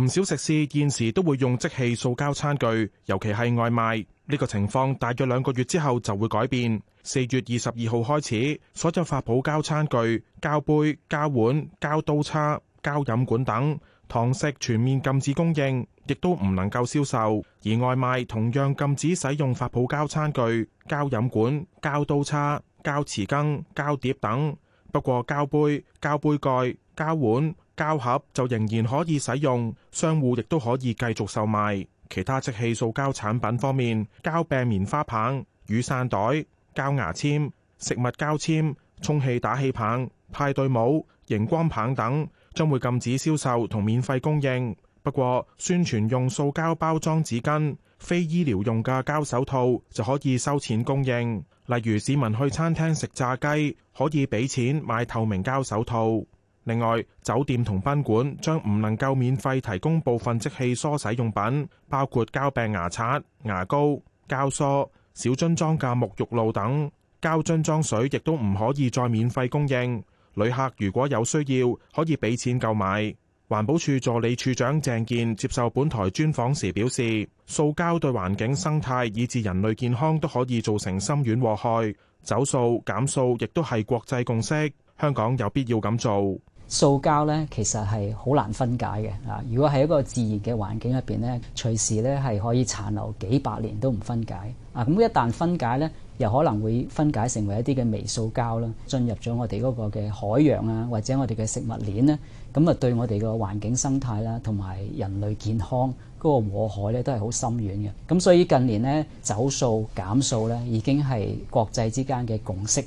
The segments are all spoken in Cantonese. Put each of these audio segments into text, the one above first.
唔少食肆現時都會用即棄塑膠餐具，尤其係外賣。呢個情況大約兩個月之後就會改變。四月二十二號開始，所有發泡膠餐具、膠杯、膠碗、膠刀叉、膠飲管等堂食全面禁止供應，亦都唔能夠銷售。而外賣同樣禁止使用發泡膠餐具、膠飲管、膠刀叉、膠匙羹、膠碟等。不過，膠杯、膠杯蓋、膠碗、膠碗膠碗膠盒就仍然可以使用，商戶亦都可以繼續售賣。其他即棄塑膠產品方面，膠柄棉花棒、雨傘袋、膠牙籤、食物膠籤、充氣打氣棒、派對帽、熒光棒等，將會禁止銷售同免費供應。不過，宣傳用塑膠包裝紙巾、非醫療用嘅膠手套就可以收錢供應。例如，市民去餐廳食炸雞，可以俾錢買透明膠手套。另外，酒店同賓館將唔能夠免費提供部分即棄梳洗用品，包括膠柄牙刷、牙膏、膠梳、小樽裝嘅沐浴露等，膠樽裝水，亦都唔可以再免費供應，旅客如果有需要，可以俾錢購買。環保署助理處長鄭健接受本台專訪時表示，塑膠對環境生態以致人類健康都可以造成深遠禍害，走塑減塑，亦都係國際共識，香港有必要咁做。塑膠咧其實係好難分解嘅，啊！如果喺一個自然嘅環境入邊咧，隨時咧係可以殘留幾百年都唔分解，啊！咁一旦分解咧，又可能會分解成為一啲嘅微塑膠啦，進入咗我哋嗰個嘅海洋啊，或者我哋嘅食物鏈咧，咁啊對我哋嘅環境生態啦，同埋人類健康嗰個禍害咧，都係好深遠嘅。咁所以近年咧，走塑減塑咧，已經係國際之間嘅共識。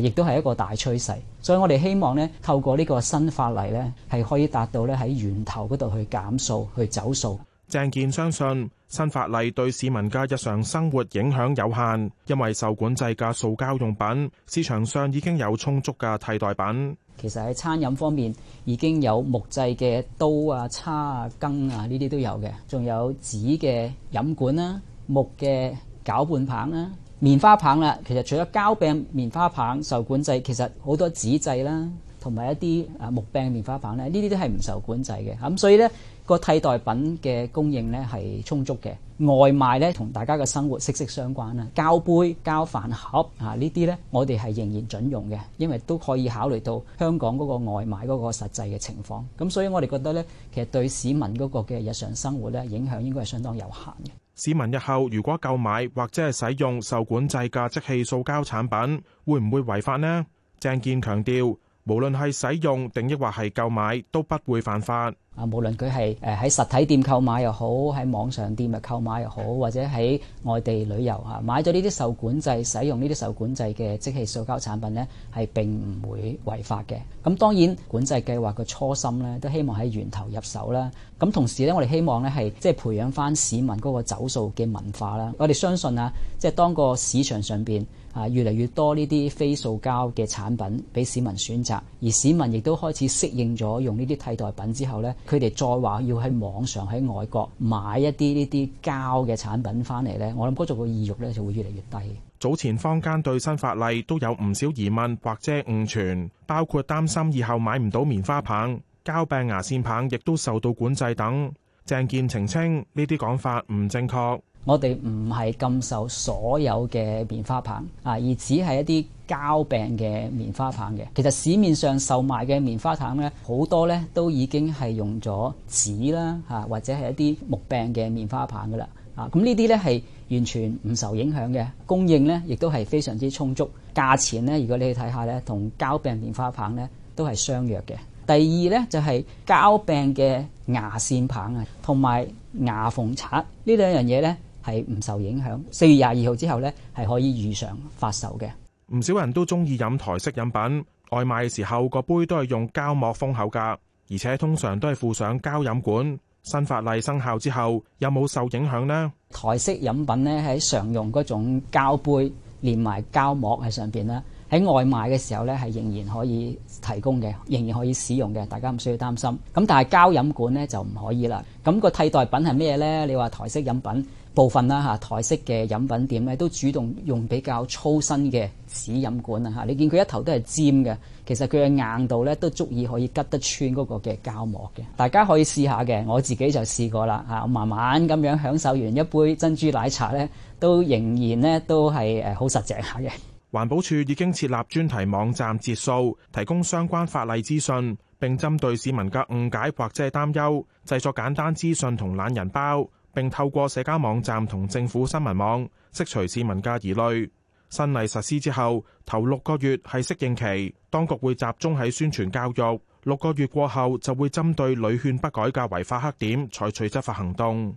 亦都係一個大趨勢，所以我哋希望咧，透過呢個新法例咧，係可以達到咧喺源頭嗰度去減塑、去走塑。鄭健相信新法例對市民嘅日常生活影響有限，因為受管制嘅塑膠用品市場上已經有充足嘅替代品。其實喺餐飲方面已經有木製嘅刀啊、叉啊、羹啊呢啲都有嘅，仲有紙嘅飲管啦、啊、木嘅攪拌棒啦、啊。棉花棒啦，其實除咗膠柄棉花棒受管制，其實好多紙製啦，同埋一啲啊木柄棉花棒咧，呢啲都係唔受管制嘅。咁所以呢個替代品嘅供應呢，係充足嘅。外賣呢，同大家嘅生活息息相關啦。膠杯、膠飯盒啊，呢啲呢，我哋係仍然準用嘅，因為都可以考慮到香港嗰個外賣嗰個實際嘅情況。咁所以我哋覺得呢，其實對市民嗰個嘅日常生活呢，影響應該係相當有限嘅。市民日後如果購買或者係使用受管制嘅即棄塑膠產品，會唔會違法呢？鄭建強調，無論係使用定抑或係購買，都不會犯法。啊，無論佢係誒喺實體店購買又好，喺網上店啊購買又好，或者喺外地旅遊嚇買咗呢啲受管制、使用呢啲受管制嘅即棄塑膠產品呢，係並唔會違法嘅。咁當然，管制計劃嘅初心咧，都希望喺源頭入手啦。咁同時呢，我哋希望咧係即係培養翻市民嗰個走塑嘅文化啦。我哋相信啊，即係當個市場上邊啊越嚟越多呢啲非塑膠嘅產品俾市民選擇，而市民亦都開始適應咗用呢啲替代品之後呢。佢哋再話要喺網上喺外國買一啲呢啲膠嘅產品翻嚟呢，我諗嗰種嘅意欲咧就會越嚟越低。早前坊間對新法例都有唔少疑問或者誤傳，包括擔心以後買唔到棉花棒、膠柄牙線棒，亦都受到管制等。鄭建澄清呢啲講法唔正確。我哋唔係禁售所有嘅棉花棒啊，而只係一啲膠柄嘅棉花棒嘅。其實市面上售賣嘅棉花棒呢，好多呢都已經係用咗紙啦，嚇或者係一啲木柄嘅棉花棒噶啦。啊，咁呢啲呢係完全唔受影響嘅，供應呢亦都係非常之充足。價錢呢，如果你去睇下呢，同膠柄棉花棒呢都係相若嘅。第二呢，就係膠柄嘅牙線棒啊，同埋牙縫刷呢兩樣嘢呢。係唔受影響。四月廿二號之後呢，係可以如常發售嘅。唔少人都中意飲台式飲品，外賣嘅時候，個杯都係用膠膜封口㗎，而且通常都係附上膠飲管。新法例生效之後，有冇受影響呢？台式飲品呢係常用嗰種膠杯連埋膠膜喺上邊啦。喺外賣嘅時候呢係仍然可以提供嘅，仍然可以使用嘅，大家唔需要擔心。咁但係膠飲管呢就唔可以啦。咁個替代品係咩呢？你話台式飲品。部分啦，嚇台式嘅飲品店咧，都主動用比較粗身嘅紙飲管啊，嚇，你見佢一頭都係尖嘅，其實佢嘅硬度咧，都足以可以吉得穿嗰個嘅膠膜嘅。大家可以試下嘅，我自己就試過啦，嚇，慢慢咁樣享受完一杯珍珠奶茶咧，都仍然咧，都係誒好實淨下嘅。環保署已經設立專題網站截塑，提供相關法例資訊，並針對市民嘅誤解或者係擔憂，製作簡單資訊同懶人包。並透過社交網站同政府新聞網，釋除市民嘅疑慮。新例實施之後，頭六個月係適應期，當局會集中喺宣傳教育。六個月過後，就會針對屢勸不改嘅違法黑點採取執法行動。